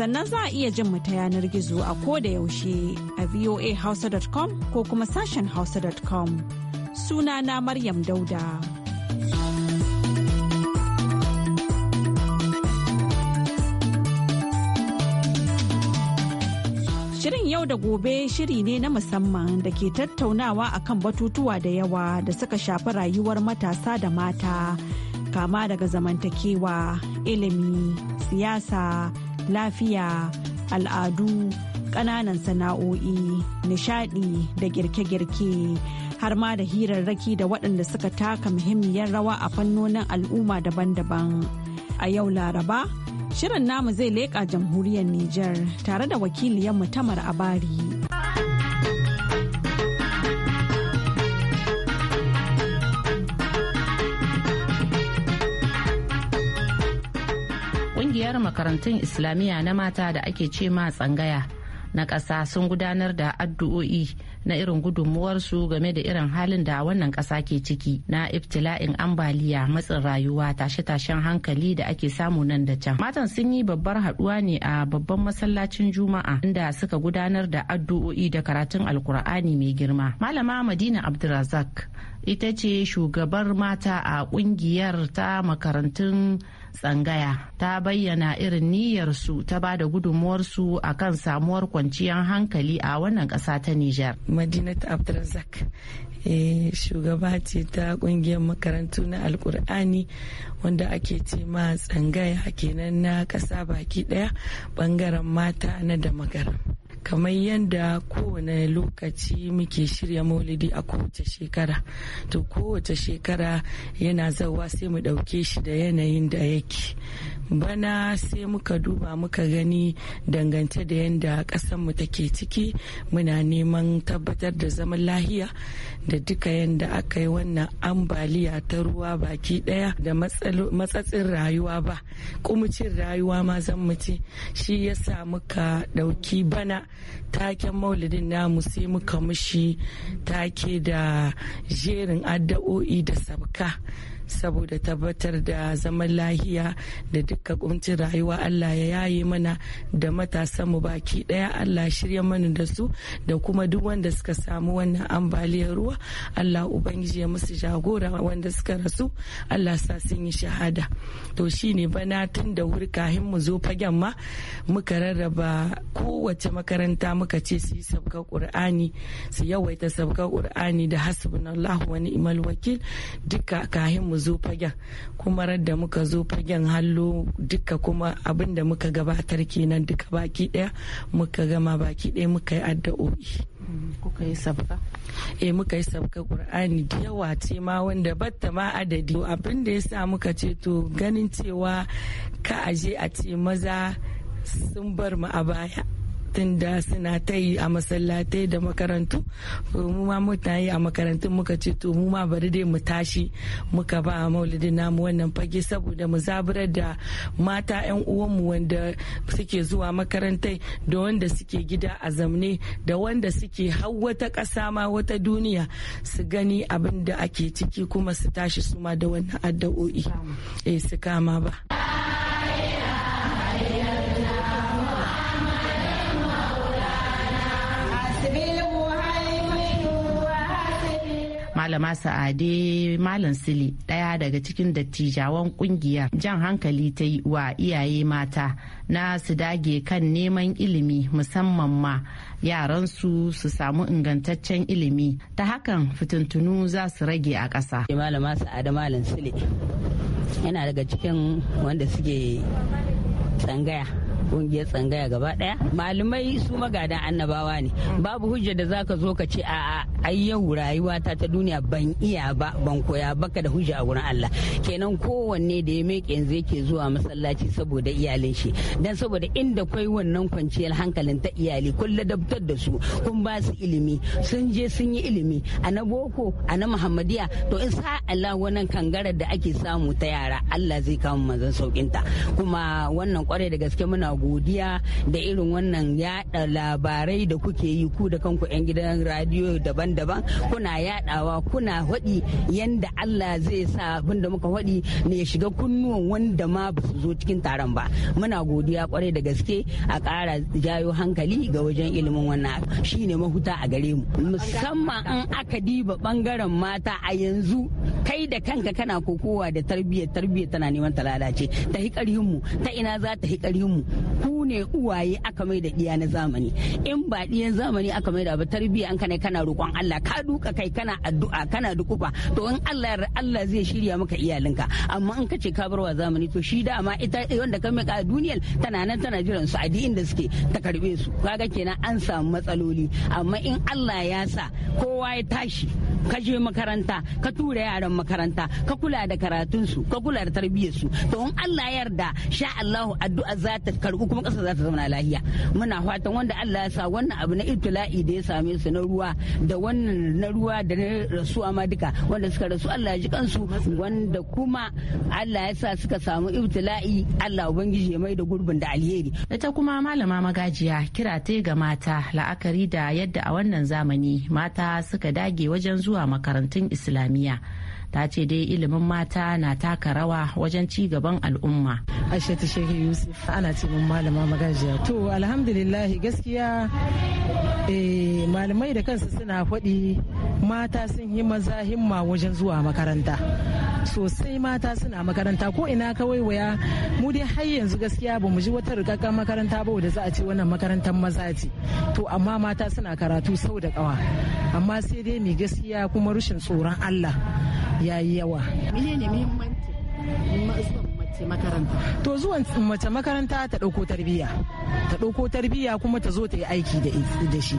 sannan za a iya jin mu ta yanar gizo a ko da yaushe a voahausa.com ko kuma sashen hausa.com suna na maryam dauda Shirin yau da gobe shiri ne na musamman da ke tattaunawa kan batutuwa da yawa da suka shafi rayuwar matasa da mata kama daga zamantakewa, ilimi, siyasa, lafiya al'adu ƙananan sana'o'i nishadi da girke-girke har ma da hirarraki da waɗanda suka taka muhimmiyar rawa a fannonin al'umma daban-daban a yau laraba shirin namu zai leƙa jamhuriyar Nijar tare da wakiliyar mutamar abari Kungiyar makarantun Islamiyya na mata da ake ce ma tsangaya na ƙasa sun gudanar da addu'o'i na irin gudunmuwarsu game da irin halin da wannan ƙasa ke ciki na ibtila'in ambaliya matsin rayuwa tashe-tashen hankali da ake samu nan da can. Matan sun yi babbar haɗuwa ne a babban masallacin Juma'a inda suka gudanar da addu'o'i da karatun Alkur'ani mai girma. Malama Madina Abdulrazak ita ce shugabar mata a ƙungiyar ta makarantun tsangaya ta bayyana irin niyyarsu ta ba da gudunmuwarsu a kan samuwar kwanciyar hankali a wannan ƙasa ta Nijar. Madinat Abdulrazak eh, shugaba ce ta kungiyar makarantu na alkur'ani wanda ake ce ma tsangaya kenan na ƙasa baki ɗaya bangaren mata na da magaram. kamar yadda kowane lokaci muke shirya maulidi a kowace shekara to kowace shekara yana zawa sai mu ɗauke shi da yanayin da yake bana sai muka duba muka gani dangance da yadda ƙasanmu take ciki muna neman tabbatar da zaman lahiya da duka yadda aka yi wannan ambaliya ta ruwa baki ɗaya da matsatsin rayuwa ba kumcin rayuwa ma zan mu shi shi sa muka ɗauki bana taken maulidin namu sai muka mushi take da jerin addu'o'i da sabka saboda tabbatar da zaman lahiya da dukkan kuncin rayuwa Allah ya yaye mana da matasan mu baki daya Allah shirya mana da su da kuma duk wanda suka samu wannan ambaliyar ruwa Allah ubangiji ya musu jagora wanda suka rasu Allah sa sun yi shahada to shine bana tun da wuri kahin mu zo fagen ma muka rarraba kowace makaranta muka ce su yi sabkar qur'ani su yawaita sabkar qur'ani da hasbunallahu wa ni'mal wakil duka kahin mu zo fagen kuma da muka zo fagen hallo duka kuma abin da muka gabatar kenan duka baki daya muka gama baki daya muka yi addu'o'i kuka yi sabka e eh, muka yi sabka qur'ani da yawa ce ma wanda batta ma adadi abin da yasa muka ce to ganin cewa ka aje a ce maza sun bar mu a baya tun da suna ta yi a masallatai da makarantu mu ma yi a makarantu muka ce to mu ma bari dai mu tashi muka ba maulidin namu wannan fage saboda mu zaburar da mata 'yan uwanmu wanda suke zuwa makarantai da wanda suke gida a zamne da wanda suke hau wata ƙasa ma wata duniya su gani abin da ake ciki kuma su tashi ma da wannan addu'o'i eh, su kama ba. malama sa'ade malam sili ɗaya daga cikin dattijawan kungiyar jan hankali ta yi wa iyaye mata na su dage kan neman ilimi musamman ma yaransu su samu ingantaccen ilimi ta hakan fitintunu za su rage a ƙasa. Eh, malama sa'ade malam sili yana daga cikin wanda suke tsangaya kungiyar tsangaya gaba daya malamai su magadan annabawa ne babu hujja da zaka zo ka ce a'a ai yau rayuwata ta duniya ban iya ba ban koya baka da hujja a gurin Allah kenan kowanne da ya meke yanzu yake zuwa masallaci saboda iyalin shi dan saboda inda kwai wannan kwanciyar hankalin ta iyali kun ladabtar da su kun ba su ilimi sun je sun yi ilimi a na boko a na muhammadiya to in sa Allah wannan kangarar da ake samu ta yara Allah zai kama manzon saukinta kuma wannan kware da gaske muna godiya da irin wannan yada labarai da kuke yi ku da kanku 'yan gidan radiyo daban-daban kuna yadawa kuna haɗi yanda Allah zai sa abin da muka haɗi ne ya shiga kunnuwan wanda ma ba su zo cikin taron ba muna godiya kwarai da gaske a ƙara jayo hankali ga wajen ilimin wannan shine mahuta a gare mu musamman in aka diba bangaren mata a yanzu kai da kanka kana kokowa da tarbiyyar tarbiyyar tana neman ta lalace ta hi mu ta ina za ta hi mu who ne uwaye aka mai da diya na zamani in ba diyan zamani aka mai da ba tarbiya an kana kana roƙon Allah ka duka kai kana addu'a kana dukufa to in Allah Allah zai shirya maka iyalinka amma in ka ce ka bar wa zamani to shi dama ita eh, wanda ka mika a duniyar tana nan tana jiran su a da suke ta karbe su kaga kenan an samu matsaloli amma in Allah ya sa kowa ya tashi ka je makaranta ka tura yaran makaranta ka kula da karatunsu ka kula da tarbiyyarsu to in Allah ya yarda sha Allahu addu'a za ta karbu kuma ƙasa za ta zauna lahiya muna fatan wanda Allah ya sa wannan abu na ibtila'i da ya same su na ruwa da wannan na ruwa da na rasuwa ma duka wanda suka rasu Allah ya ji kansu wanda kuma Allah ya sa suka samu ibtila'i Allah ubangiji ya mai da gurbin da alheri ita kuma malama magajiya kira ta ga mata la'akari da yadda a wannan zamani mata suka dage wajen zuwa makarantun islamiyya ta ce dai ilimin mata na taka rawa wajen ci gaban al'umma aisha ta yusuf ana ce mun malama magajiya to alhamdulillah gaskiya eh, malamai da kansu suna faɗi mata sun yi maza himma wajen zuwa makaranta sosai mata suna makaranta ko ina kawai waya mu dai har yanzu gaskiya ba mu ji wata rikakka makaranta ba da za a ce wannan makarantar maza ce to amma mata suna karatu sau da kawa amma sai dai mai gaskiya kuma rushin tsoron Allah ya yi yawa. mace makaranta? To zuwan mace makaranta ta ɗauko tarbiyya. Ta ɗauko tarbiyya kuma ta zo ta yi aiki da shi.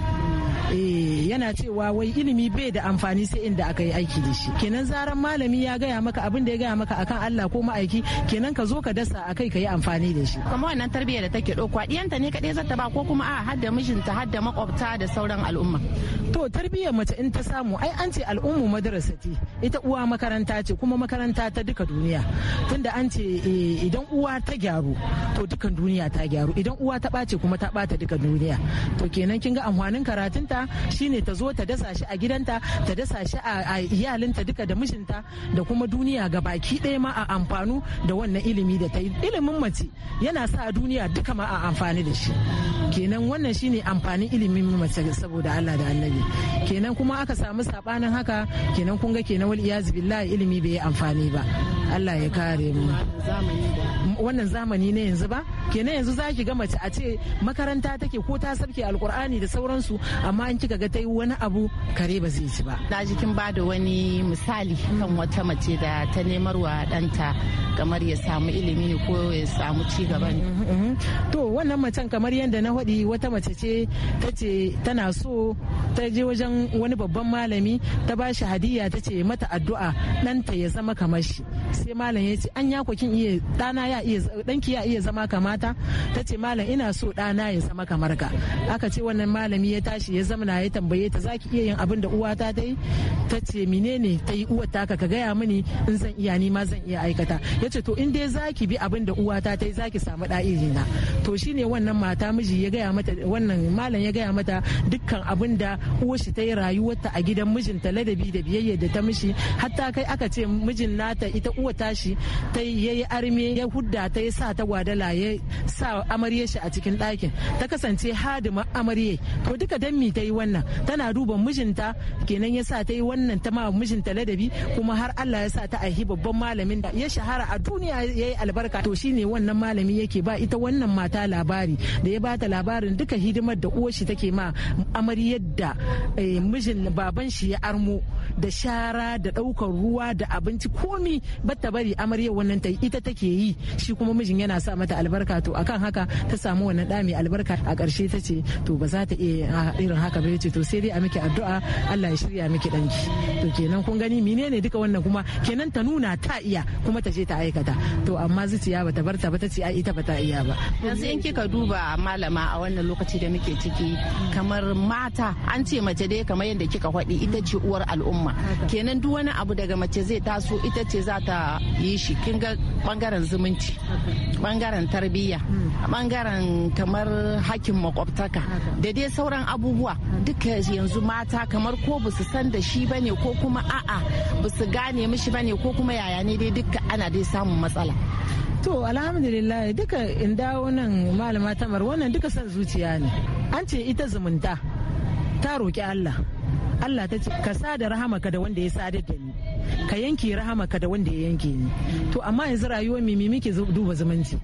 Eh, yana cewa wai ilimi bai da amfani sai inda aka yi aiki da shi kenan zaran malami ya gaya maka abin da ya gaya maka akan Allah ko ma'aiki kenan ka zo ka dasa a kai ka yi amfani da shi kuma wannan tarbiyya da take ɗauka diyanta ne kadai zata ba ko kuma a hadda mijinta hadda makwabta da sauran al'umma to tarbiyyar mace in ta samu ai an ce al'ummu madarasa ce ita uwa makaranta ce kuma makaranta ta duka duniya tunda an ce eh, idan uwa ta gyaru to dukan duniya ta gyaru idan uwa ta bace kuma ta bata duka duniya to kenan kin ga amfanin karatunta shine ta zo ta dasa shi a gidanta ta dasa shi a iyalinta duka da mijinta da kuma duniya ga baki ɗaya ma a amfanu da wannan ilimi da ta yi ilimin mace yana sa duniya duka ma a amfani da shi kenan wannan shine amfanin ilimin mace saboda Allah da Annabi kenan kuma aka samu sabanin haka kenan kun ga kenan wal iyaz billahi ilimi bai yi amfani ba Allah ya kare mu wannan zamani ne yanzu ba kenan yanzu za ki ga mace a ce makaranta take ko ta sabke alkur'ani da sauransu amma in kika ga ta yi wani abu kare ba zai ci ba na ji kin ba da wani misali kan wata mace da ta nemarwa danta kamar ya samu ilimi ko ya samu ci gaba mhm, mhm. to wannan macen kamar yadda na faɗi wata mace ce ta ce tana so ta je wajen wani babban malami ta ba shi hadiya ta ce mata addu'a ɗanta ya zama kamar shi sai malam ya ce an ya iya dana ya iya danki ya iya zama kamata ta ce malam ina so dana ya zama kamar ka aka ce wannan malami ya tashi ya zamana ya tambaye ta zaki iya yin abin da uwata ta yi ta ce menene ta yi uwar taka ka gaya mini in zan iya ni ma zan iya aikata ya ce to in dai zaki bi abin da uwata ta yi zaki samu da na to shine wannan mata miji ya gaya mata wannan malam ya gaya mata dukkan abin da uwar ta yi rayuwarta a gidan mijinta ladabi da biyayya da ta mishi hatta kai aka ce mijin nata ita uwa. kanwa tashi ta yi arme ya hudda ta ya sa ta gwadala ya sa amarye shi a cikin ɗakin ta kasance hadima amarye to duka dan mi ta yi wannan tana duba mijinta kenan ya sa ta yi wannan ta ma mijinta ladabi kuma har Allah ya sa ta aihi babban malamin da ya shahara a duniya ya yi albarka to shine wannan malami yake ba ita wannan mata labari da ya ba ta labarin duka hidimar da uwar shi take ma amaryar da eh, mijin baban shi ya armo da shara da ɗaukar ruwa da abinci komi ta bari amarya wannan ta ita take yi shi kuma mijin yana sa mata albarka to akan haka ta samu wannan da mai albarka a ƙarshe ta ce to ba za ta iya irin haka ba ce to sai dai a miki addu'a Allah ya shirya miki danki to kenan kun gani menene duka wannan kuma kenan ta nuna ta iya kuma ta je ta aikata to amma zuciya ba ta barta ba ta ce ai ita ba ta iya ba yanzu in kika duba malama a wannan lokaci da muke ciki kamar mata an ce mace dai kamar yadda kika faɗi ita ce uwar al'umma kenan duk wani abu daga mace zai taso ita ce za ta yi shi kin ga bangaren zumunci bangaren tarbiyya bangaren kamar hakin makwabtaka da dai sauran abubuwa duka yanzu mata kamar ko ba su san da shi ba ne ko kuma a'a ba su gane mishi ne ko kuma yaya ne dai duka ana dai samun matsala to alhamdulillah duka in dawo nan malama tamar wannan duka son zuciya ne an ce ita zumunta ta roƙi allah allah ta ce ka sa da rahamaka da wanda ya sadar da ni ka yanke rahama ka da wanda ya yanke ni to amma yanzu rayuwar mimi muke duba zumunci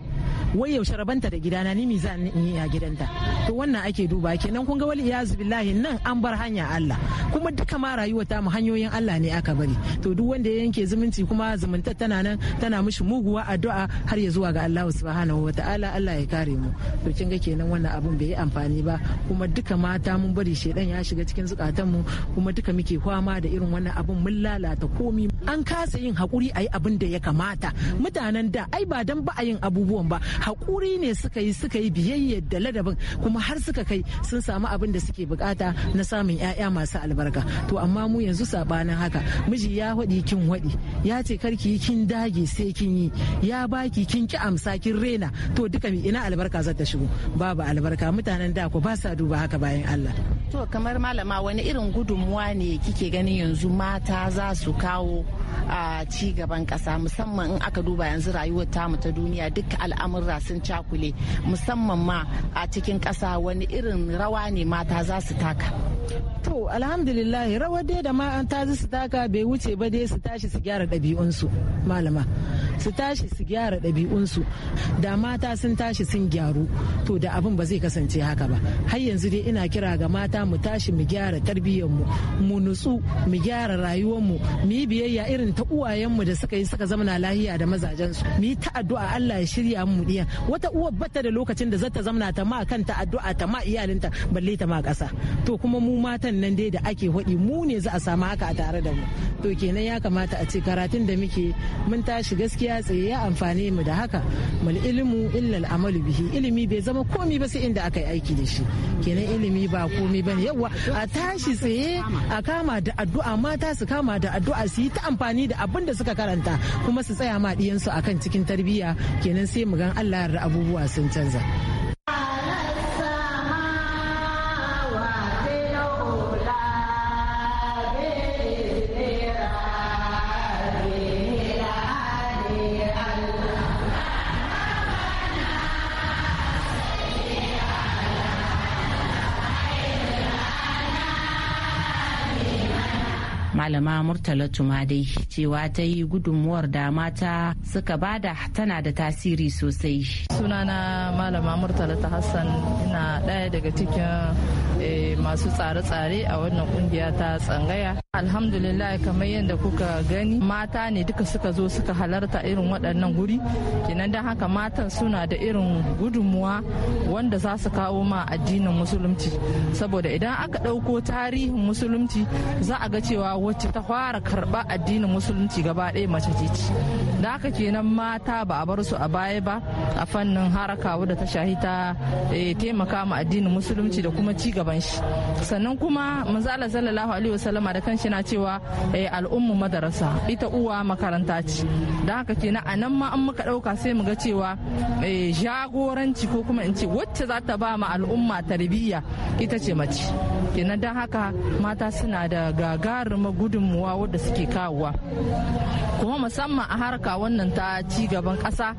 wai yaushe rabanta da gidana ni mi in yi a gidanta to wannan ake duba kenan kun ga wani ya billahi nan an bar hanya Allah kuma duka ma rayuwa ta mu hanyoyin Allah ne aka bari to duk wanda ya yanke zumunci kuma zumunta tana nan tana mishi muguwa addu'a har ya zuwa ga Allah subhanahu wataala Allah ya kare mu to kin ga kenan wannan abun bai yi amfani ba kuma duka mata mun bari shedan ya shiga cikin zukatan mu kuma duka muke kwama da irin wannan abun mun lalata komi an kasa yin hakuri ayi abin da ya kamata mutanen da ai ba dan ba a yin abubuwan ba ba haƙuri ne suka yi suka yi biyayyar da ladabin kuma har suka kai sun samu abin da suke bukata na samun 'ya'ya masu albarka to amma mu yanzu sabanin haka miji ya waɗi kin waɗi ya ce karki kin dage sai kin yi ya baki kin ki amsa kin rena to duka ina albarka zata shigo babu albarka mutanen da ku ba sa duba haka bayan Allah to kamar malama wani irin gudunmuwa ne kike ganin yanzu mata za su kawo a ci gaban kasa musamman in aka duba yanzu rayuwar mu ta duniya duk al'amurra sun cakule musamman ma a cikin ƙasa wani irin rawa ne mata za su taka To alhamdulillah rawar dai da ma an tazi su taka bai wuce ba dai su tashi su gyara ɗabi'unsu malama su tashi su gyara ɗabi'unsu da mata sun tashi sun gyaru to da abin ba zai kasance haka ba har yanzu dai ina kira ga mata mu tashi mu gyara tarbiyyarmu mu nutsu mu gyara rayuwarmu mu yi biyayya irin ta uwayenmu da suka yi suka zamana lahiya da mazajensu mu yi ta addu'a Allah ya shirya mu diya wata uwar bata da lokacin da zata zamana ta ma kanta addu'a ta ma iyalinta balle ta ma ƙasa to kuma mu mu matan nan dai da ake hudi mu ne za a samu haka a tare da mu to kenan ya kamata a ce karatun da muke mun tashi gaskiya tsaye ya amfane mu da haka mal ilmu illal amalu bihi ilimi bai zama komi ba sai inda aka yi aiki da shi kenan ilimi ba komi bane yawa a tashi tsaye a kama da addu'a mata su kama da addu'a su yi ta amfani da abin da suka karanta kuma su tsaya ma su akan cikin tarbiyya kenan sai mu gan Allah yarda abubuwa sun canza malama murtala tumadai cewa ta yi gudunmuwar da mata suka bada tana da tasiri sosai sunana malama murtala ta hassan ina ɗaya daga cikin eh, masu tsare-tsare a wannan kungiya ta tsangaya Alhamdulillah kamar yadda kuka gani mata ne duka suka zo suka halarta irin waɗannan guri kenan don haka matan suna da irin gudunmuwa wanda za su kawo ma addinin musulunci saboda idan aka ɗauko tarihin musulunci za a ga cewa wacce ta fara karɓa addinin musulunci gaba ɗaya mace ce da haka kenan mata ba a bar su a baya ba a fannin haraka wadda ta shahi ta eh, taimaka ma addinin musulunci da kuma ci gaban shi sannan kuma manzo Allah sallallahu alaihi wasallama da kan shi na cewa eh, al'ummu madarasa ita uwa makaranta ce da haka ke a nan ma an muka ɗauka sai mu ga cewa eh, jagoranci ko kuma in ce wacce za ta ba ma al'umma tarbiyya ita ce mace kenan don haka mata suna da gagarumar gudunmuwa wadda suke kawowa kuma musamman a harka wannan ta ci gaban ƙasa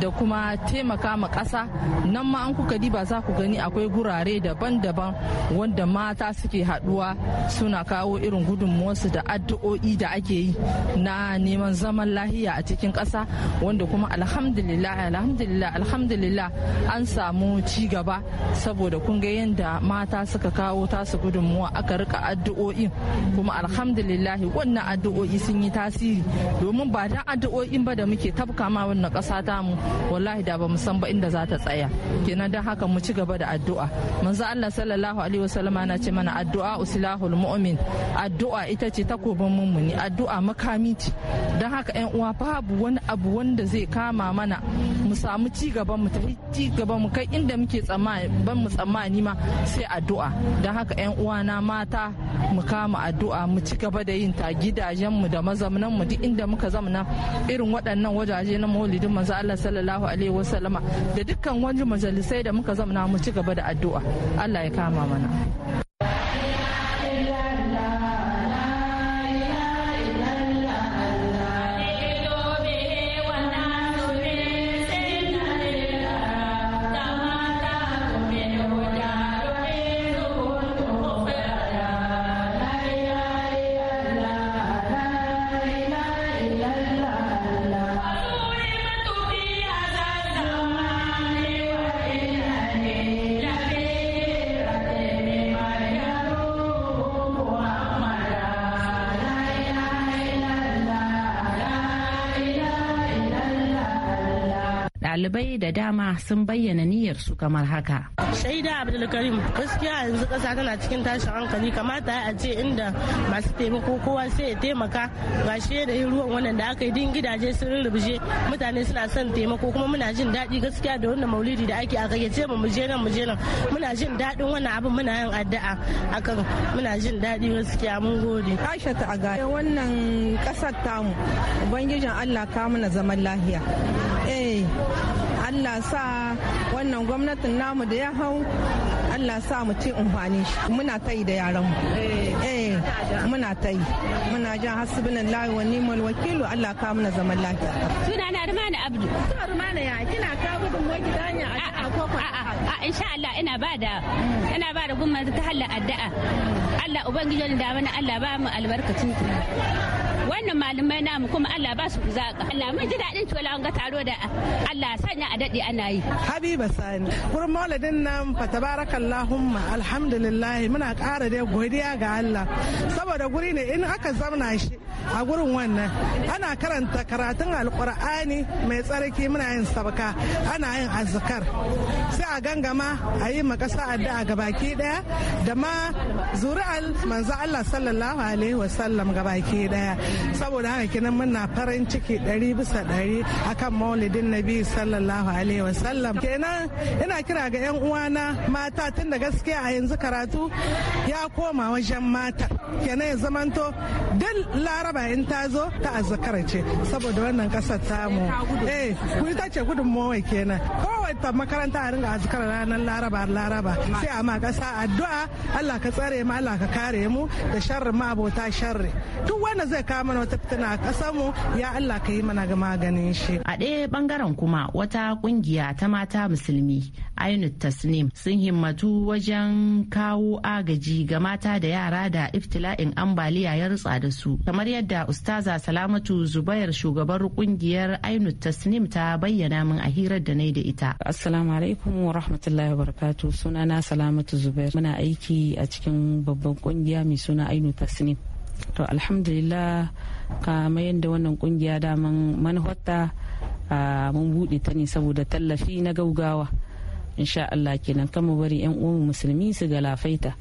da kuma taimaka ma ƙasa nan ma an kuka ba za ku gani akwai gurare daban-daban wanda mata suke haɗuwa suna kawo irin gudunmuwarsu da addu'o'i da ake yi na neman zaman lahiya a cikin kasa wanda kuma alhamdulillah alhamdulillah alhamdulillah an samu ci gaba saboda kun ga yadda mata suka kawo tasu masu gudunmuwa aka rika addu'o'in kuma alhamdulillahi wannan addu'o'i sun yi tasiri domin ba dan addu'o'in ba da muke tafka ma wannan ƙasa ta mu wallahi da ba mu san ba inda za ta tsaya kenan dan haka mu ci gaba da addu'a manzo Allah sallallahu alaihi wasallama na ce mana addu'a usilahul mu'min addu'a ita ce takobin mummuni addu'a makami ce dan haka yan uwa babu wani abu wanda zai kama mana mu samu ci gaban mu tafi ci gaban mu kai inda muke tsammani ban mu tsammani ma sai addu'a dan haka 'yan uwana mata mu kama addu'a mu ci gaba da yin ta gidajenmu da mazaunan mu duk inda muka zamana irin waɗannan wajaje na maulidin manzo Allah sallallahu alaihi wasallama da dukkan wani majalisai da muka zamana mu ci gaba da addu'a Allah ya kama mana ɗalibai da dama sun bayyana niyyar su kamar haka. Shaida Abdulkarim gaskiya yanzu kasa tana cikin tashin hankali kamata a ce inda masu taimako kowa sai ya taimaka ga shi da yin ruwan wannan da aka yi din gidaje sun rurrubuje mutane suna son taimako kuma muna jin daɗi gaskiya da wannan maulidi da ake a ce mu je nan mu je nan muna jin daɗin wannan abin muna yin addu'a akan muna jin daɗi gaskiya mun gode. Aisha ta wannan ƙasar tamu Ubangijin Allah ka mana zaman lahiya. Allah sa wannan gwamnatin namu da ya hau Allah sa mu ci umfani muna ta yi da yaran mu eh, eh muna ta yi muna jan hasbunan lahi wa ni'mal wakilu Allah ka muna zaman lafiya suna na Rumana Abdu suna Rumana ya kina ka gudun moki ta hanya a koko a insha Allah ina ba da ina ba da gumma ta halla addu'a Allah ubangijin da mana Allah ba mu albarkacin ki wannan malamai namu kuma Allah ba su zaka Allah mun ji daɗin cewa ga taro da Allah sanya a daɗe ana yi Habiba Sani gurin mauladin nan fa tabarakallahumma alhamdulillah muna ƙara da godiya ga Allah saboda guri ne in aka zauna shi a gurin wannan ana karanta karatun alkur'ani mai tsarki muna yin sabka ana yin azkar sai a gangama a yi makasa addu'a baki daya da ma zuri'al manzo Allah sallallahu alaihi wasallam gabaki daya saboda haka kinan muna farin ciki ɗari bisa ɗari akan maulidin nabi sallallahu alaihi wasallam kenan ina kira ga yan uwana mata tun da gaskiya a yanzu karatu ya koma wajen mata kenan ya zamanto duk laraba in ta zo ta azzakarace saboda wannan kasar tamu eh ku ta ce gudunmowar kenan makaranta a ringa azkar ranar laraba laraba sai a ma kasa addu'a Allah ka tsare mu Allah ka kare mu da sharri ma abota sharri duk wanda zai kawo mana wata fitina a kasar mu ya Allah ka yi mana ga maganin shi a ɗaya bangaren kuma wata kungiya ta mata musulmi Ainut Tasnim sun himmatu wajen kawo agaji ga mata da yara da iftila'in ambaliya ya rutsa da su kamar yadda ustaza Salamatu Zubair shugabar kungiyar Ainut Tasnim ta bayyana min a hirar da na yi da ita Assalamu alaikum wa rahmatullahi wa barakatu sunana Salamatu Zubair muna aiki a cikin babban kungiya mai suna Ainu Tasnim. To alhamdulillah kama da wannan kungiya daman a mun buɗe ta ne saboda tallafi na gaugawa. Insha Allah kenan kama bari 'yan uwan musulmi su galafaita.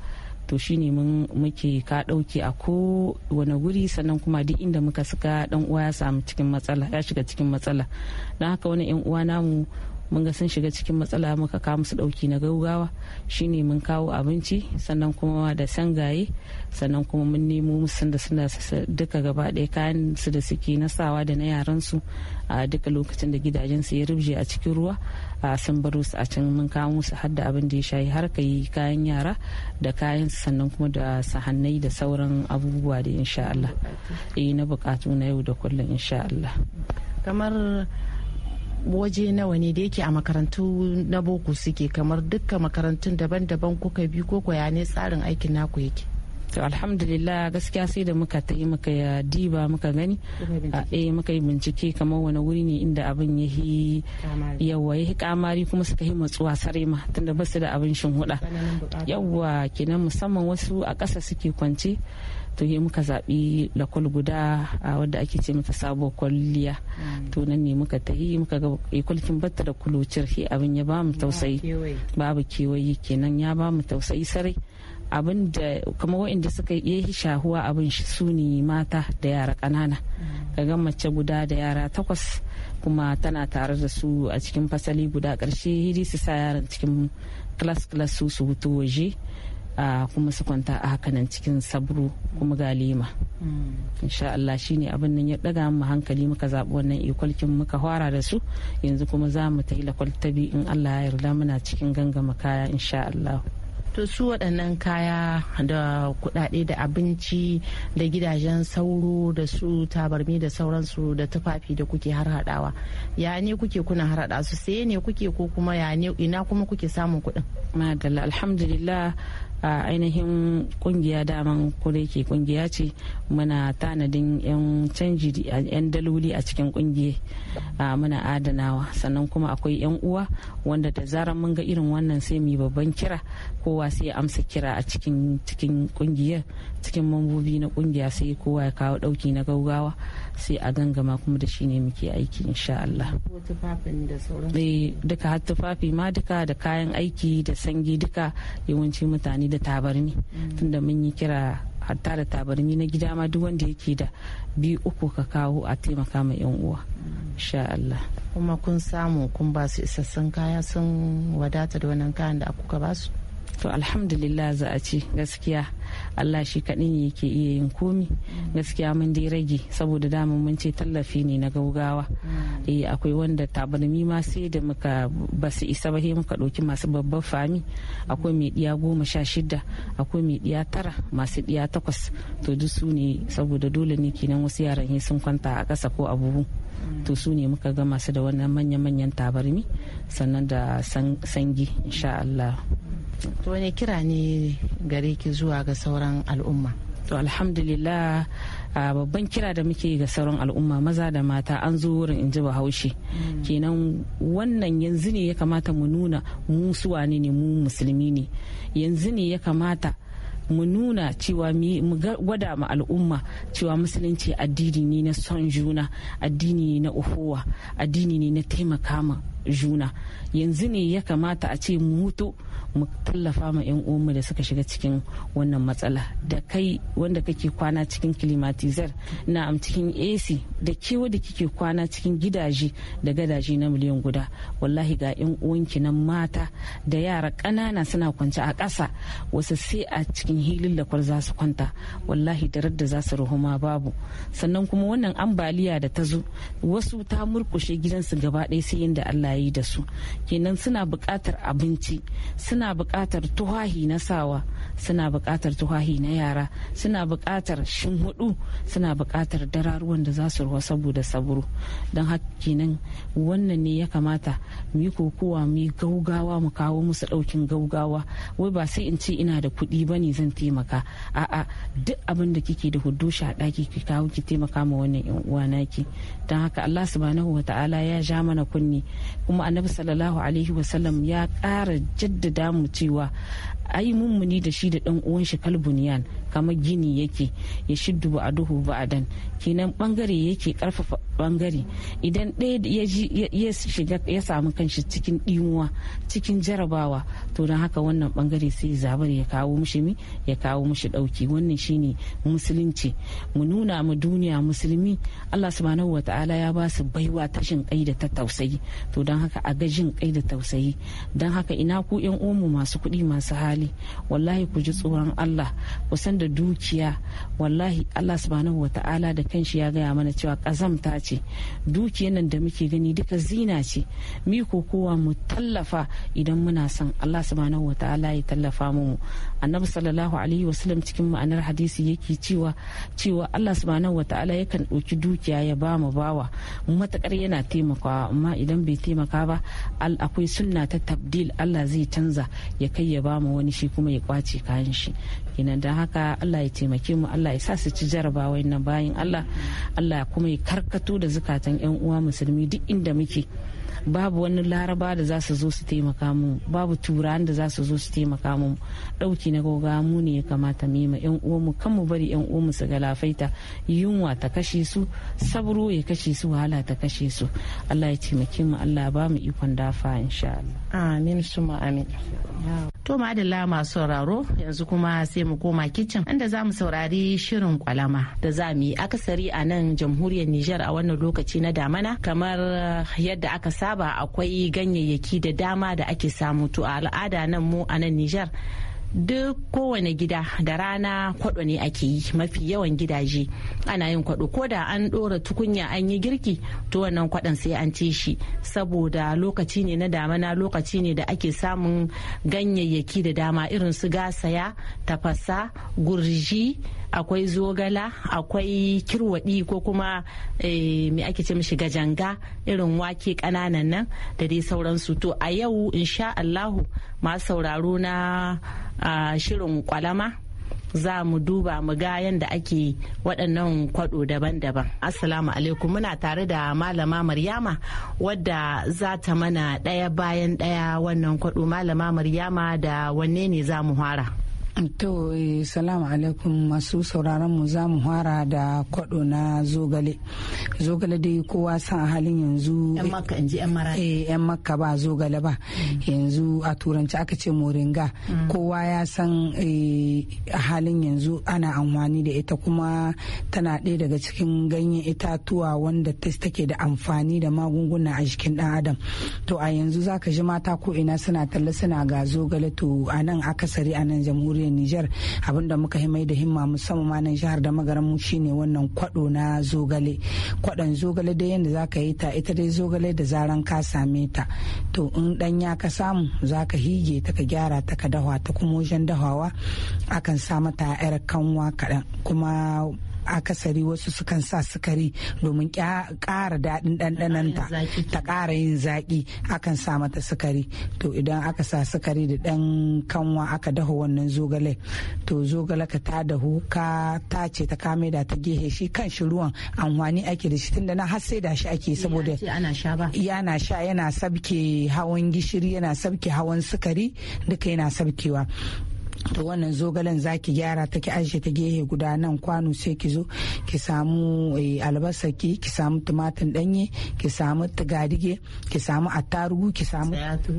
to shine mun muke ka dauke a ko wani guri sannan kuma duk inda muka suka dan uwa ya samu cikin matsala ya shiga cikin matsala don haka wani yan uwa namu mun ga sun shiga cikin matsala muka kawo musu dauki na gaugawa shine mun kawo abinci sannan kuma da sangaye sannan kuma mun nemo musu da suna duka gaba ɗaya kayan su da suke na sawa da na yaran su a duka lokacin da gidajen su ya rubje a cikin ruwa a sun baro su a can mun kawo musu har da abin da ya shayi har yi kayan yara da kayan sannan kuma da sahannai da sauran abubuwa da insha Allah eh na bukatu na yau da kullum insha Allah kamar waje nawa ne da yake a makarantu na boko suke kamar dukkan makarantun daban-daban kuka bi ko ya ne tsarin aikin naku yake to alhamdulillah gaskiya sai da muka ta yi muka diba muka gani ah, eh muka yi bincike kamar wani wuri ne inda abin ya yi yawa ya kamari kuma suka yi matsuwa sare ma tunda basu da abin shin huda yawa kenan musamman wasu a kasa suke kwance to yi muka zaɓi lakol guda a wadda ake ce mata sabo kwalliya mm. to nan ne muka tahi muka ga ikulkin eh, batta da kulocir he abin ya ba mu tausayi babu kewaye kenan ya ba mu tausayi sarai abin da kuma wa'inda suka yi shahuwa abin shi su mata da yara ƙanana ga mace guda da yara takwas kuma tana tare da su a cikin fasali guda ƙarshe hidi su sa yaran cikin kilas kilas su su hutu waje kuma su kwanta a hakanan cikin sabro kuma galima mm. insha Allah ne abin nan ya daga mu hankali muka zaɓi wannan ikwalkin muka fara da su yanzu kuma za mu ta yi lakwaltabi in Allah ya yarda muna cikin gangama kaya insha Allah to su waɗannan kaya da kuɗaɗe da abinci da gidajen sauro da su tabarmi da sauransu da tufafi da kuke har haɗawa ya ne kuke kuna har haɗa su sai ne kuke ko kuma ya ne ina kuma kuke samun kuɗin madalla alhamdulillah a ainihin kungiya daman kure ke kungiya ce muna tanadin 'yan canji 'yan daloli a cikin kungiya muna adanawa sannan kuma akwai 'yan uwa wanda da zarar mun ga irin wannan sai mu yi babban kira kowa sai ya amsa kira a cikin cikin kungiyar cikin mambobi na kungiya sai kowa ya kawo dauki na gaugawa sai a gangama kuma da shi ne muke aiki insha Allah. Eh, duka har tufafi ma duka da kayan aiki da sangi duka yawanci mutane da tabarni mm. tunda mun yi kira hatta da tabarni na gida ma duk wanda yake da biyu uku ka kawo a taimaka ma yan uwa mm. insha Allah. kuma kun samu kun ba su isassun kaya sun wadata da wannan kayan da kuka ba su to alhamdulillah za a ce gaskiya allah shi kaɗin yake iya yin komi gaskiya mun dai rage saboda damar mun ce tallafi ne na gaugawa mm. eh akwai wanda tabarmi ma sai da muka ba su isa ba sai muka ɗauki masu babban fami akwai mai ɗiya goma sha shida akwai mai ɗiya tara masu ɗiya takwas to duk su ne saboda dole ne kenan wasu yaran sun kwanta a ƙasa ko a buhu mm. to su ne muka ga masu da wannan manya-manyan tabarmi sannan da sangi insha Allah. to ne kira ne gare ki zuwa ga sauran al'umma to alhamdulillah babban kira da muke ga sauran al'umma maza da mata an zo wurin in ji bahaushe mm. kenan wannan yanzu ne ya kamata mu nuna mu suwa ne ne mu musulmi ne yanzu ne ya kamata mu nuna cewa mu gwada ma al'umma cewa musulunci addini ne na son juna addini ne na uhuwa addini ne na taimaka ma juna yanzu ne ya kamata a ce mu mutu mu tallafa ma 'yan uwanmu da suka shiga cikin wannan matsala da kai wanda kake kwana cikin kilimatizar na am cikin ac da ke wanda kike kwana cikin gidaje da gadaje na miliyan guda wallahi ga 'yan uwanki na mata da yara ƙanana suna kwance a ƙasa wasu sai a cikin hilin lakwar za su kwanta wallahi da da za su ma babu sannan kuma wannan ambaliya da ta zo wasu ta murkushe gidansu gaba ɗaya sai yadda allah ya yi da su kenan suna buƙatar abinci suna buƙatar tuhahi na sawa suna buƙatar tuhahi na yara suna buƙatar huɗu suna buƙatar dararuwan da za su ruwa saboda saburo don haka kenan wannan ne ya kamata mu yi kokowa mu yi gaugawa mu kawo musu ɗaukin gaugawa wai ba sai in ce ina da kuɗi ba ne zan taimaka a'a duk abin da kike da hudu shi a ɗaki ki kawo ki taimaka ma wannan yan uwa naki don haka Allah subhanahu wa ta'ala ya ja mana kunni kuma annabi sallallahu alaihi wa sallam ya ƙara jaddada mu cewa ai mummuni da shi da dan uwan shi kalbuniyan kamar gini yake ya shiddu ba a duhu ba a dan kenan bangare yake karfafa bangare idan ɗaya ya shiga ya samu kanshi cikin ɗimuwa cikin jarabawa to don haka wannan bangare sai zabar ya kawo mushi mi ya kawo mushi dauki wannan shine musulunci mu nuna mu duniya musulmi Allah subhanahu wataala ya ba su baiwa ta jin kai da ta tausayi to don haka a ga jin kai da tausayi don haka ina ku yan omu masu kuɗi masu hali wallahi ku ji tsoron Allah ku san da dukiya wallahi Allah subhanahu wataala da kanshi ya gaya mana cewa kazamta ce dukiyar nan da muke gani duka zina ce mi ko kowa mu tallafa idan muna son Allah subhanahu wataala ya tallafa mu annabi sallallahu sallallahu alaihi wasallam cikin ma'anar hadisi yake cewa cewa Allah subhanahu ta'ala yakan ɗauki dukiya ya ba mu bawa matakar yana taimakawa amma idan bai taimaka ba akwai sunna ta tabdil Allah zai canza ya kai ya ba mu wani shi kuma ya kwace kayan shi kenan don haka Allah ya taimake mu Allah ya sa su ci jaraba na bayan Allah Allah kuma ya karkato da zukatan yan uwa musulmi duk inda muke babu wani laraba da za su zo su taimaka mu babu turan da za su zo su taimaka mu dauki na goga mu ne ya kamata mu yi ma yan uwanmu kan mu bari yan uwanmu su galafaita yunwa ta kashe su sabro ya kashe su wahala ta kashe su Allah ya taimake mu Allah ba mu ikon dafa insha Allah amin suma amin to madalla masu sauraro yanzu kuma sai mu koma kicin inda za mu saurari shirin kwalama da za mu yi akasari a nan jamhuriyar Nijar a wannan lokaci na damana kamar yadda aka saba akwai ganyayyaki da dama da ake samu to a al'ada nan mu a nan Nijar duk kowane gida da rana kwaɗo ne ake yi mafi yawan gidaje ana yin kwaɗo ko da an ɗora tukunya an yi girki to wannan kwaɗon sai an ci shi saboda lokaci ne na damana lokaci ne da ake samun ganyayyaki da dama irin su gasaya tafasa gurji akwai zogala akwai kirwaɗi ko kuma eh, me ake ce mishi gajanga irin wake ƙananan nan da dai sauransu to a yau insha Allahu masu sauraro na shirin kwalama za mu duba mu ga yadda ake waɗannan kwaɗo daban-daban. Assalamu alaikum muna tare da malama Maryama wadda za ta mana ɗaya bayan ɗaya wannan kwaɗo malama Maryama da wanne ne za mu hara. To, eh, salamu alaikum masu sauraron mu za mu fara da kwado na zogale. Zogale dai kowa san halin yanzu. Eh, yan makka ba zogale ba. Yanzu a turanci aka ce moringa. Mm. Kowa ya san eh, halin yanzu ana amfani da ita kuma tana ɗaya daga cikin ganyen itatuwa wanda take da amfani da magunguna a jikin ɗan adam. To a yanzu za ka ji mata ko ina suna talla suna ga zogale to a nan akasari a nan jamhuriyar Nijar abinda muka yi mai da himma musamman ma nan jihar da magaran mu shine wannan kwado na zogale kwadon zogale dai yanda zaka yi ta ita dai zogale da zaran ka same ta to in ya ka samu zaka hige ta ka gyara ta ka dahwa ta kuma wajen dahawa akan sa mata yar kanwa kaɗan kuma akasari wasu sukan sa sukari domin ƙara daɗin ɗanɗananta ta ƙara yin zaƙi akan sa mata sukari to idan aka sa sukari da ɗan kanwa aka dahu wannan zogale to zogale ka ta dahu ka tace ta kame da ta gehe shi kan shi ruwan amfani ake da shi tunda na har sai da shi ake saboda yana sha yana sabke hawan gishiri yana sabke hawan sukari duka yana sabkewa to wannan zogalen za ki gyara ta ki ajiye ta gehe guda nan kwano sai ki zo ki samu eh, albasa ki samu tumatir danye ki samu digadige ki samu attarugu ki samu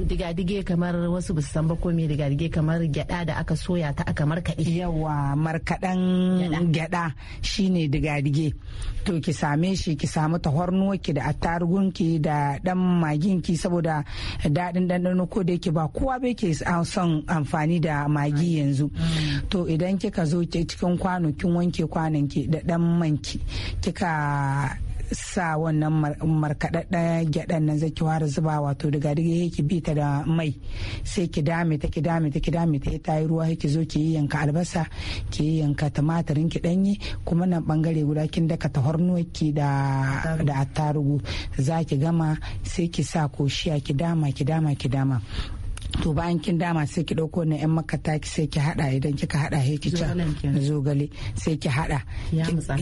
digadige kamar wasu bisu san ba ko me digadige kamar gyada da aka soya ta aka markade yawa markadan gyada shine digadige to ki same shi ki samu tahornuwa ki da attarugun ki da dan magin ki saboda dadin dandano ko da yake ba kowa bai ke ah, son amfani da magi yanzu mm. to idan kika zo cikin kwano kin wanke kwanon ki da dan manki kika sa wannan markaɗaɗɗa gyaɗan nan zai ki zuba wato daga daga ki bi da mai sai ki dame ta ki dame ta ki dame ta ta yi ruwa ki zo ki yi yanka albasa ki yi yanka tumatirin ki ɗanye kuma nan bangare guda kin daka tahornuwar ki da da attarugu za ki gama sai ki sa koshiya ki dama ki dama ki dama to bayan kin dama sai ki dauko na yan makata ki sai ki hada idan kika hada he ki ci zogale sai ki hada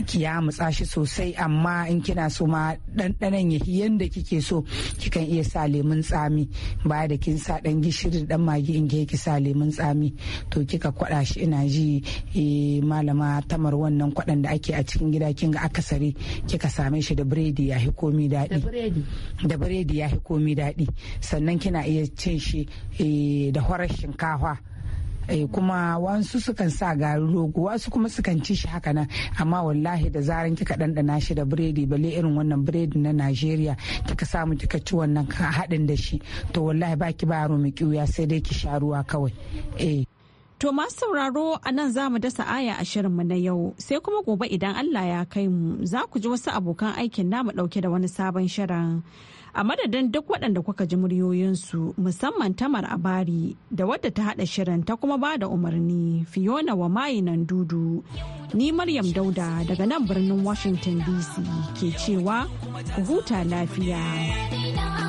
ki ya mutsa shi sosai amma in kina so ma dandanan ya yanda kike so kikan iya sa lemun tsami baya da kin sa dan gishiri dan magi in ki sa lemun tsami to kika kwada shi ina ji e, malama tamar wannan kwadan da ake a cikin gida kin ga akasari kika same shi da biredi ya komi dadi. da biredi ya komi dadi. sannan kina iya cin shi Eh, da farar shinkafa eh, kuma wasu sukan sa garin rogo wasu kuma sukan ci shi haka nan amma wallahi da zaran kika ɗanɗana shi da biredi bale irin wannan biredi na Najeriya kika samu kika ci wannan haɗin da shi to wallahi baki ba yaro mai kiwuya sai dai ki sha ruwa kawai eh To masu sauraro a nan za mu dasa aya a shirin mu na yau sai kuma gobe idan Allah ya kai mu za ku ji wasu abokan aikin namu ɗauke da wani sabon shirin. a madadin duk waɗanda kuka ji muryoyinsu musamman tamar abari da wadda ta haɗa shirin ta kuma ba da umarni fiona wa mayinan dudu ni maryam dauda daga nan birnin washington dc ke cewa ku huta lafiya.